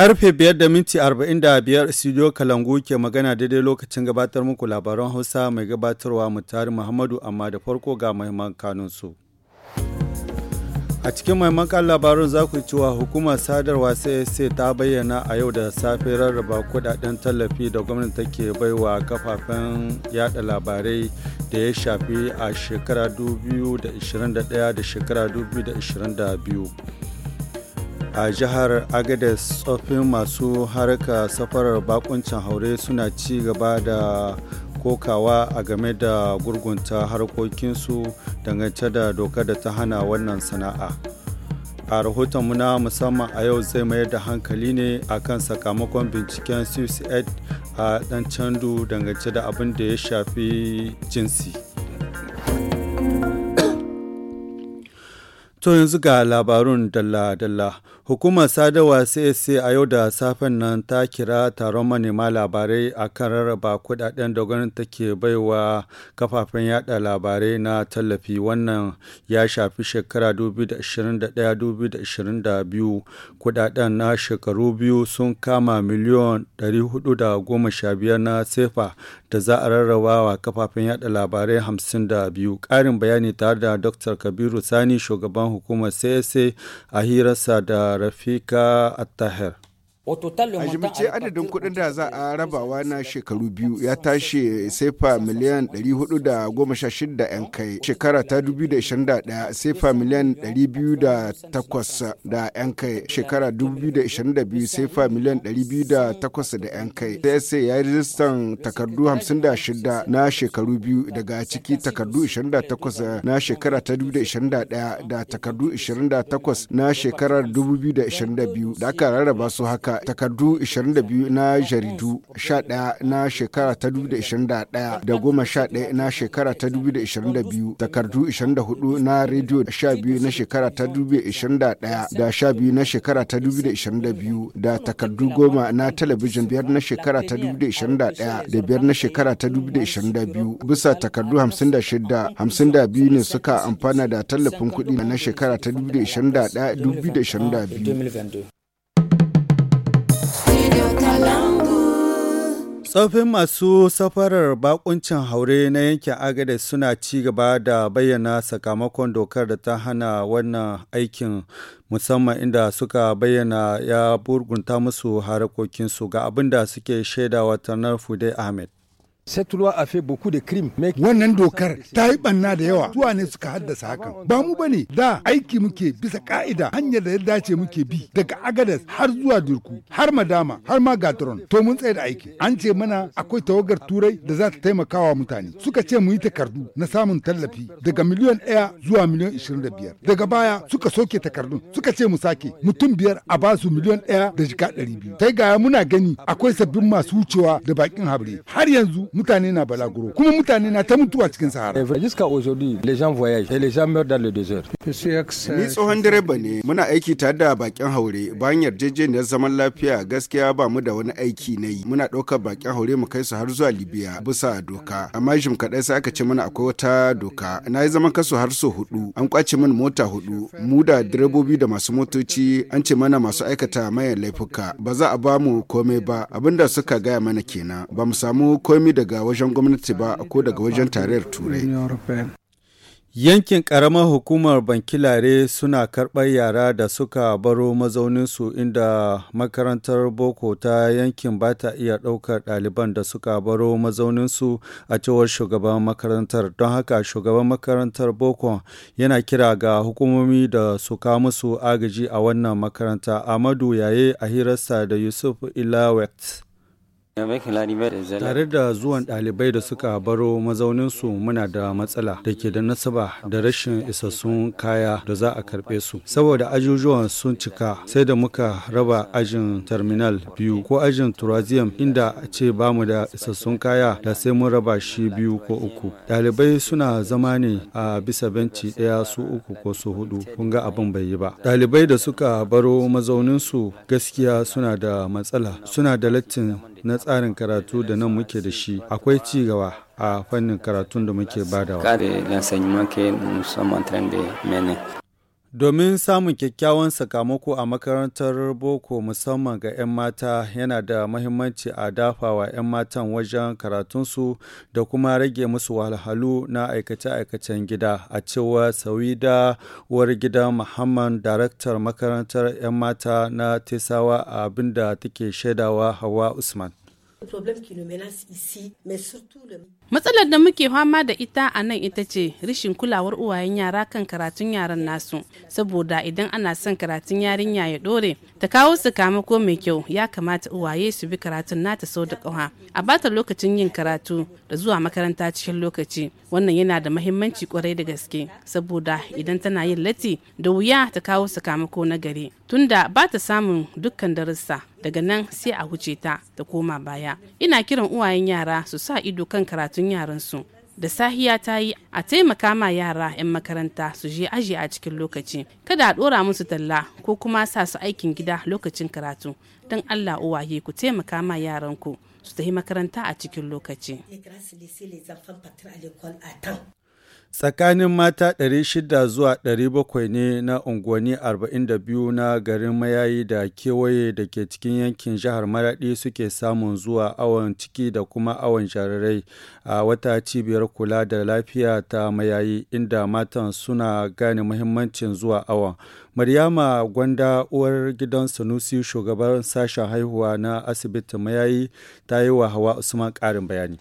Karfe biyar studio Kalangu ke magana daidai lokacin gabatar muku labaran Hausa mai gabatarwa mutari Muhammadu amma da farko ga mahimman kanunsu. A cikin maimakon labarun za ku cewa hukumar sadarwa sai ta bayyana a yau da safe rarraba kudaden tallafi da gwamnati take baiwa kafafen yada labarai da ya shafi a shekara 2021 da shekara 2022. a jihar agadez tsoffin masu harka safarar bakuncin haure suna ci gaba da kokawa a game da gurgunta harkokinsu dangance da doka da ta hana wannan sana'a a rahoton muna musamman a yau zai mayar da hankali ne a kan sakamakon binciken suicide a dan candu dangance da abin da ya shafi jinsi to yanzu ga labarun dalla-dalla Hukumar sadarwa CSA a yau da safen nan ta kira taron manema labarai a kan rarraba kudaden da gwamnati take baiwa kafafen yada labarai na tallafi wannan ya shafi shekara 2021-2022 kudaden na shekaru biyu sun kama miliyon 415 na sefa da za a rarraba wa kafafen yada labarai 52 ƙarin bayani tare da dr kabiru sani shugaban hukumar CSA a hirarsa da رفيق الطاهر a ce adadin kuɗin da za a rabawa na shekaru biyu ya tashi sefa miliyan 416 'yan kai shekara ta 2021 sefa miliyan 208 da 'yan kai shekara 2022 sefa miliyan 208 da 'yan kai tsa ya yi rijistan takardu 56 na shekaru biyu daga ciki takardu 28 na shekara ta 2021 da takardu 28 na shekarar 2022 da aka rarraba su haka duka takardu 22 na jaridu 11 na shekara ta 2021 da goma sha na shekara ta 2022 takardu 24 na rediyo 12 na shekara ta 2021 da 12 na shekara ta 2022 da takardu goma na talabijin 5 na shekara ta 2021 da 5 na shekara ta 2022 bisa takardu 56 52 ne suka amfana da tallafin kuɗi na shekara ta 2021 2022 Tsofin masu safarar bakuncin haure na yankin Agade suna ci gaba da bayyana sakamakon dokar da ta hana wannan aikin musamman inda suka bayyana ya burgunta musu harakokinsu ga abinda suke shaidawa tanar Fude Ahmed. Cette loi a fait beaucoup de crimes. Mais wannan dokar ta yi banna da yawa. Zuwa ne suka haddasa hakan. Ba mu bane da aiki muke bisa ka'ida hanyar da ya dace muke bi daga Agadas har zuwa Durku har Madama har ma Gatron. To mun tsaye da aiki. An ce mana akwai tawagar Turai da za ta taimakawa mutane. Suka ce mu yi takardu na samun tallafi daga miliyan ɗaya zuwa miliyan ishirin da biyar. Daga baya suka soke takardun suka ce mu sake mutum biyar a ba su miliyan ɗaya da jika ɗari biyu. Ta gaya muna gani akwai sabbin masu wucewa da bakin habre. Har yanzu mutane na balaguro kuma mutane na ta mutuwa cikin sahara jusqu'à aujourd'hui les gens voyagent et les gens meurent dans le désert ni tsohon direba ne muna aiki tare da bakin haure bayan yarjejeniyar zaman lafiya gaskiya ba mu da wani aiki na yi muna ɗaukar bakin haure mu kai su har zuwa libya bisa doka amma jim kaɗai sai aka ce mana akwai wata doka na yi zaman kasu har so hudu an kwace min mota hudu mu da direbobi da masu motoci an ce mana masu aikata mayan laifuka ba za a ba mu komai ba abinda suka gaya mana kenan ba mu samu komai daga daga wajen gwamnati ba ko daga wajen tarayyar turai yankin karamar hukumar bankilare suna karɓar yara da suka baro mazauninsu inda makarantar boko ta yankin ba ta iya ɗaukar ɗaliban da suka baro mazauninsu a cewar shugaban makarantar don haka shugaban makarantar boko yana kira ga hukumomi da su musu agaji a wannan makaranta amadu yaye a hirarsa da yusuf ilawet Tare da zuwan ɗalibai da suka baro mazauninsu muna da matsala da ke da nasaba da rashin isassun kaya da za a karɓe su. Saboda ajujuwan sun cika sai da muka raba ajin terminal biyu ko ajin turaziyam inda a ce ba mu da isassun kaya da sai mun raba shi biyu ko uku. Ɗalibai suna zama ne a bisa benci ɗaya su uku ko su hudu kun ga abin bai yi ba. Ɗalibai da suka baro mazauninsu gaskiya suna da matsala suna da lattin na tsarin karatu da nan muke da shi akwai ci gaba a fannin karatun da muke badawa. Domin samun kyakkyawan sakamako a makarantar boko musamman ga 'yan mata yana da mahimmanci a dafawa 'yan matan wajen karatunsu da kuma rage musu wahalhalu na aikace-aikacen gida a cewa sauida uwar gida muhammad daraktar makarantar 'yan mata na tesawa abinda take shaidawa hawa usman le problème qui nous menace ici, mais surtout le matsalar da muke fama da ita a nan ita ce rashin kulawar uwayen yara kan karatun yaran nasu saboda idan ana son karatun yarinya ya dore ta kawo sakamako mai kyau ya kamata uwaye su bi karatun nata sau da ƙawa a bata lokacin yin karatu da zuwa makaranta cikin lokaci wannan yana da mahimmanci kwarai da gaske saboda idan tana yin latti da wuya ta kawo sakamako na gari tunda ba ta samun dukkan darussa daga nan sai a wuce ta ta koma baya ina kiran uwayen yara su sa ido kan karatu karatun yaransu da sahiya ta yi a taimaka ma yara 'yan makaranta su je aji a cikin lokaci kada a ɗora musu talla ko kuma sa su aikin gida lokacin karatu don allah uwaye ku taimaka ma yaranku su tafi makaranta a cikin lokaci Tsakanin mata 600 zuwa 700 ne na unguwanni 42 na garin Mayayi da kewaye da ke cikin yankin jihar Maraɗi suke samun zuwa awon ciki da kuma awon jarirai a wata cibiyar kula da lafiya ta Mayayi inda matan suna gane muhimmancin zuwa awon. Maryama Gwanda uwar gidan Sanusi shugaban sashen haihuwa na asibitin Mayayi ta yi wa Hawa Usman ƙarin bayani.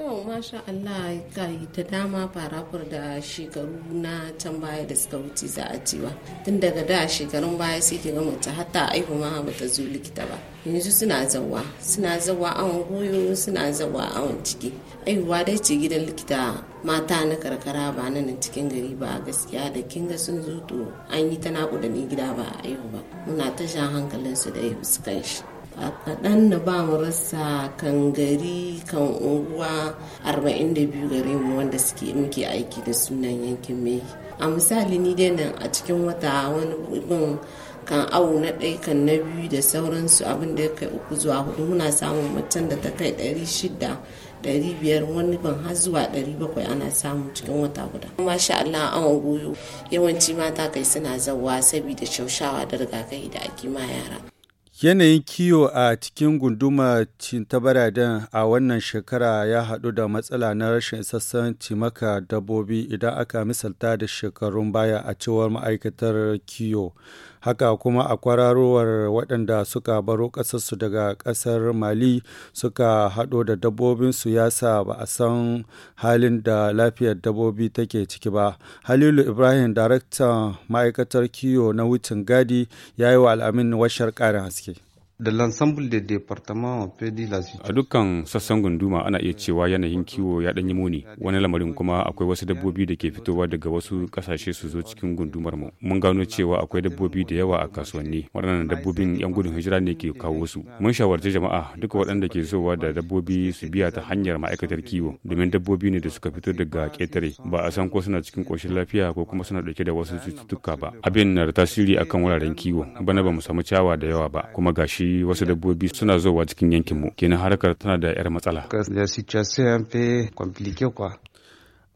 To masha Allah yi ta dama farafar da shekaru na can baya da suka wuce za a cewa tun daga da shekarun baya sai ki ga mace hatta aihu ma ta zo likita ba yanzu suna zawa suna zawa awon goyo suna zawa awon ciki aihuwa dai ce gidan likita mata na karkara ba nan cikin gari ba gaskiya da kinga sun zo to an yi ta da ni gida ba aihu ba muna ta hankalinsu da ya fuskan shi a kaɗan na ba mu rasa kan gari kan unguwa 42 gare mu wanda suke muke aiki da sunan yankin mai a misali ni dai nan a cikin wata wani bugun kan awu na ɗaya kan na biyu da sauransu abin da ya kai uku zuwa hudu muna samun macen da ta kai ɗari shida ɗari biyar wani ban har zuwa ɗari bakwai ana samu cikin wata guda. sha Allah an goyo yawanci mata kai suna zawa sabida shaushawa da rigakafi da ake ma yara. Yanayin kiwo a cikin gunduma ta baraden a wannan shekara ya haɗu da matsala na rashin sassan cimaka dabbobi idan aka misalta da shekarun baya a cewar ma'aikatar kiwo. haka kuma a kwararowar waɗanda suka baro ƙasarsu daga ƙasar mali suka haɗo da dabbobinsu ya sa ba a san halin da lafiyar dabbobi take ciki ba halilu ibrahim daraktan ma'aikatar kiwo na wucin gadi ya yi wa al'amin washar ƙarin haske da l'ensemble des départements on peut dire la situation. A dukkan sassan gunduma ana iya cewa yanayin kiwo ya danyi muni. Wani lamarin kuma akwai wasu dabbobi da ke fitowa daga wasu kasashe su zo cikin gundumar mu. Mun gano cewa akwai dabbobi da yawa a kasuwanni. Waɗannan dabbobin yan gudun hijira ne ke kawo su. Mun shawarci jama'a duka waɗanda ke zowa da dabbobi su biya ta hanyar ma'aikatar kiwo domin dabbobi ne da suka fito daga ƙetare ba a san ko suna cikin ƙoshin lafiya ko kuma suna ɗauke da wasu cututtuka ba. Abin na da tasiri akan wuraren kiwo. Bana ba mu samu ciyawa da yawa ba kuma gashi wasu dabbobi suna zowa cikin yankinmu kenan harkar tana da 'yar matsala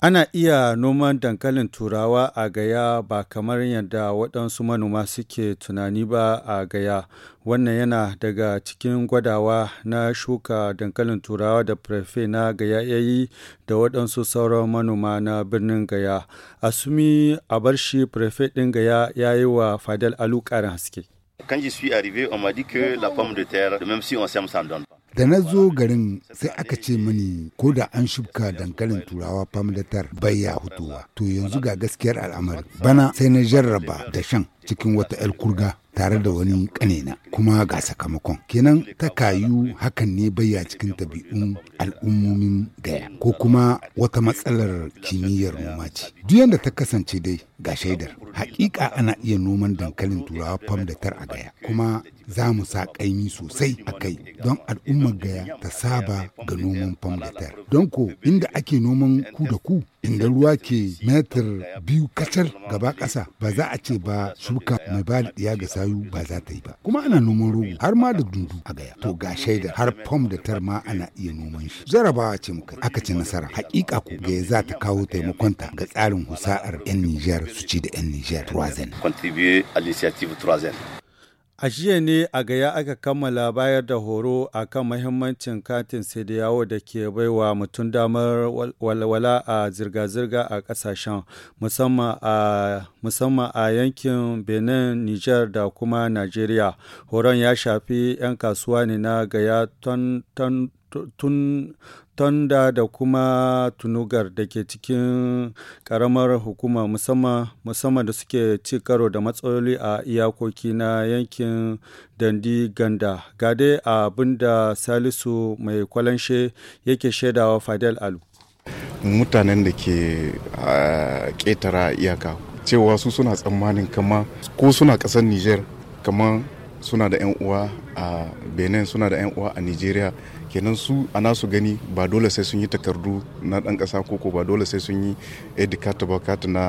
ana iya noman dankalin turawa a gaya ba kamar yadda waɗansu manoma suke tunani ba a gaya wannan yana daga cikin gwadawa na shuka dankalin turawa da prefe na gaya ya yi da waɗansu sauran manoma na birnin gaya asumi a bar shi prefe ɗin gaya ya yi wa fadal alu ƙarin haske Quand je suis arrivé, on m'a dit que la pomme de terre, même si on sème, ça ne donne pas. Da na zo garin sai aka ce mani ko da an shubka dankalin turawa famlatar bai ya hutuwa. To yanzu ga gaskiyar al'amari. Bana sai na jarraba da shan cikin wata 'yar kurga tare da wani kanena kuma ga sakamakon kenan ta kayu hakan ne bayya cikin tabi'un al'ummomin gaya ko kuma wata matsalar kimiyyar noma ce duk yadda ta kasance dai ga shaidar hakika ana iya noman dankalin turawa fam da tar a gaya kuma za mu sa ƙaimi sosai a kai don al'ummar gaya ta saba ga noman famlatar. Don ko inda ake noman ku da ku inda ruwa ke metar biyu kacal gaba ƙasa ba za a ce ba shuka mai ba ɗiya ga sayu ba za ta yi ba kuma ana noman rogo har ma da dundu a gaya to ga shaida har fom da tar ma ana iya noman shi jarabawa ce muka aka ci nasara hakika ko gaya za ta kawo taimakon ta. ga tsarin husa'ar 'yan Nijar su ci da 'yan Nijar 3 A jiya ne a gaya aka kammala bayar da horo a kan mahimmancin katin sai da yawo da ke baiwa mutum damar walwala a zirga-zirga a ƙasashen musamman a yankin Benin, Niger da kuma Najeriya. Horon ya shafi 'yan kasuwa ne na gaya tun tonda da kuma tunugar da ke cikin karamar hukuma musamman da suke ci karo da matsaloli a iyakoki na yankin dandi ganda gade abin da salisu mai kwalanshe yake shaidawa fadel alu mutanen da ke ƙetara iyaka cewa su suna tsammanin kama ko suna ƙasar niger kama suna da 'yan uwa a benin suna da 'yan uwa a nigeria kenan su a nasu gani ba dole sai sun yi takardu na dan kasa koko ba dole sai sun yi edikata ba karta na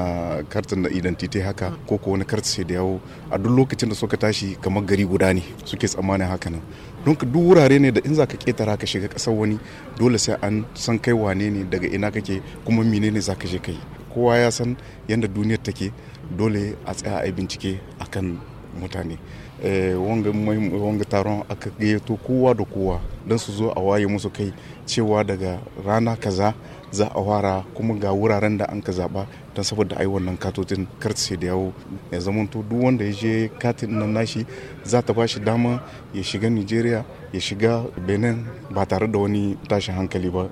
kartin da identity haka koko wani karta sai da yawo a duk lokacin da suka tashi kamar gari guda ne suke tsammanin haka nan don duk wurare ne da in za ka ketara ka shiga kasar wani dole sai an san kai wane ne daga ina kake kuma menene za ka je kai kowa ya san yadda duniyar take dole a tsaya a yi bincike akan mutane eh, wanga taron aka gayyato kowa da kowa don su zo a waye musu kai cewa daga rana kaza za a fara kuma ga wuraren da an ka zaba don saboda ai wannan katotin kartse da yawo ya zamanto duk wanda ya je katin nan nashi za ta bashi dama ya shiga nigeria ya shiga benin ba tare da wani tashin hankali ba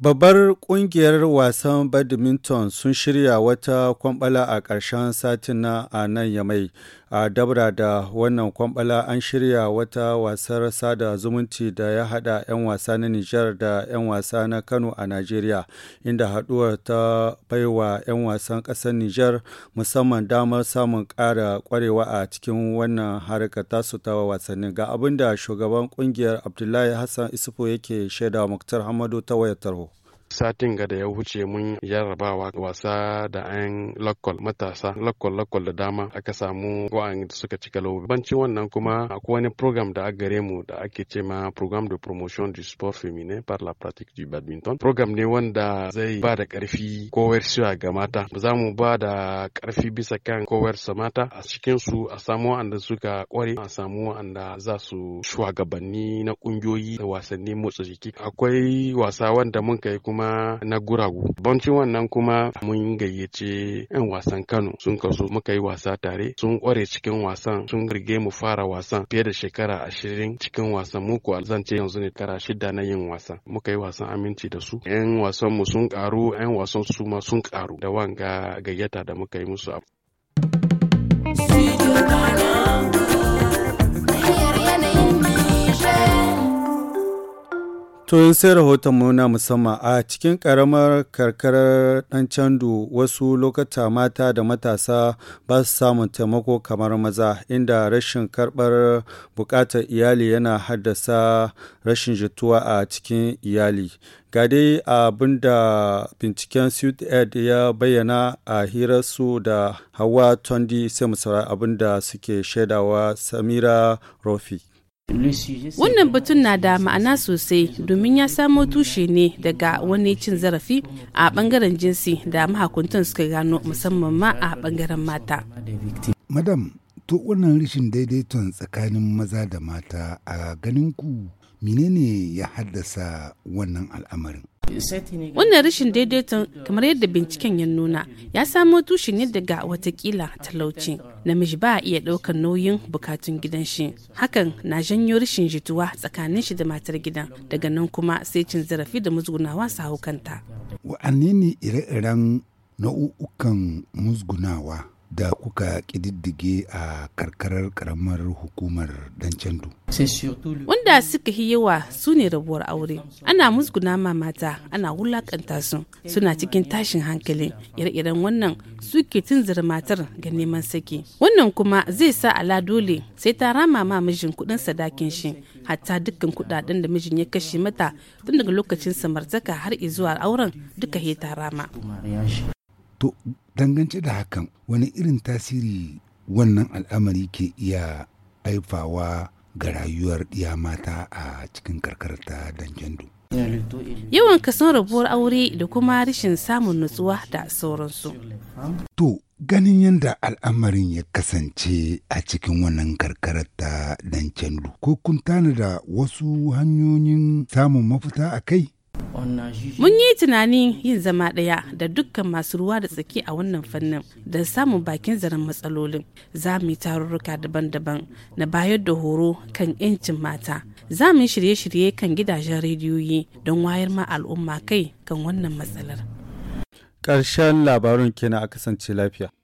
Babbar kungiyar wasan badminton sun shirya wata kwambala a ƙarshen satin na a nan Yamai. a dabra da wannan kwambala an shirya wata wasar sada zumunci da ya hada 'yan wasa na nijar da 'yan wasa na kano a najeriya inda haduwar ta baiwa 'yan wasan kasar nijar musamman damar samun kara kwarewa a cikin wannan harkar tasu ta wasannin ga abinda shugaban kungiyar abdullahi hassan isufu yake shaida muktar hamadu ta wayar tarho satin ga da ya wuce mun yarrabawa wasa da an lakkol matasa lakkol lakkol da dama aka samu wa'an suka cika lau bancin wannan kuma akwai wani program da gare mu da ake ce ma program de promotion du sport féminin par la pratique du badminton program ne wanda zai ba da karfi kowar shiwa ga mata za mu ba da karfi bisa kan kowar sa mata a cikin su a samu wa'anda suka kware a samu wa'anda za su shugabanni na kungiyoyi da wasanni motsa jiki akwai wasa wanda mun kai kuma kuma na guragu banci wannan kuma mun gayyace 'yan wasan kano sun kasu muka yi wasa tare sun kware cikin wasan sun rige mu fara wasan fiye da shekara ashirin cikin wasan mu kuwa zan ce yanzu ne tara shida na yin wasan muka yi wasan aminci da su 'yan wasan mu sun karu 'yan wasan su ma sun karu da wanga gayyata da muka yi musu Studio To sai rahoton mu musamman a cikin karamar karkarar ɗan candu wasu lokata mata da matasa ba su samun taimako kamar maza inda rashin karɓar bukatar iyali yana haddasa rashin jituwa a cikin iyali. Ga dai abin da binciken suit Ed ya bayyana a hirarsu da Hawa Tondi sai mu abin da suke shaidawa Samira Rofi. Wannan batun na da ma'ana sosai domin ya samo tushe ne daga wani cin zarafi a bangaren jinsi da mahakuntan suka gano musamman ma a bangaren mata. Madam, to wannan rashin daidaiton tsakanin maza da mata a ganin ku menene ya haddasa wannan al'amarin wannan rashin daidaiton kamar yadda binciken ya nuna ya samo tushe ne daga watakila talauci namiji ba a iya ɗaukar nauyin bukatun gidan shi hakan na janyo rashin jituwa tsakanin shi da matar gidan daga nan kuma sai cin zarafi da musgunawa su haukanta wa'anne ne ire-iren nau'ukan musgunawa da kuka ƙididdige a karkarar karamar hukumar dancandu. Wanda suka yi yawa su ne rabuwar aure. Ana musguna ma mata, ana wulakanta su, suna cikin tashin hankali. Ire-iren wannan suke tunzura matar ga neman saki. Wannan kuma zai sa ala dole sai ta rama ma mijin kuɗin sadakin shi, hatta dukkan kudaden da mijin ya kashe mata tun daga lokacin samartaka har zuwa auren duka ta rama. To dangance da hakan wani irin tasiri wannan al'amari ke iya haifawa ga rayuwar ɗiya mata a cikin karkarar ta dangendu yawan kasan rabuwar aure da kuma rashin samun nutsuwa da sauransu to ganin yadda al'amarin ya kasance a cikin wannan karkarar ta dancendu ko kun tana da wasu hanyoyin samun mafita a kai Mun yi tunanin yin zama ɗaya da dukkan masu ruwa da tsaki a wannan fannin da samun bakin zaren matsalolin. Za mu yi tarurruka daban-daban na bayar da horo kan 'yancin mata. Za mu yi shirye-shirye kan gidajen rediyoyi don wayar ma al'umma kai kan wannan matsalar. Ƙarshen labarin kenan a kasance lafiya.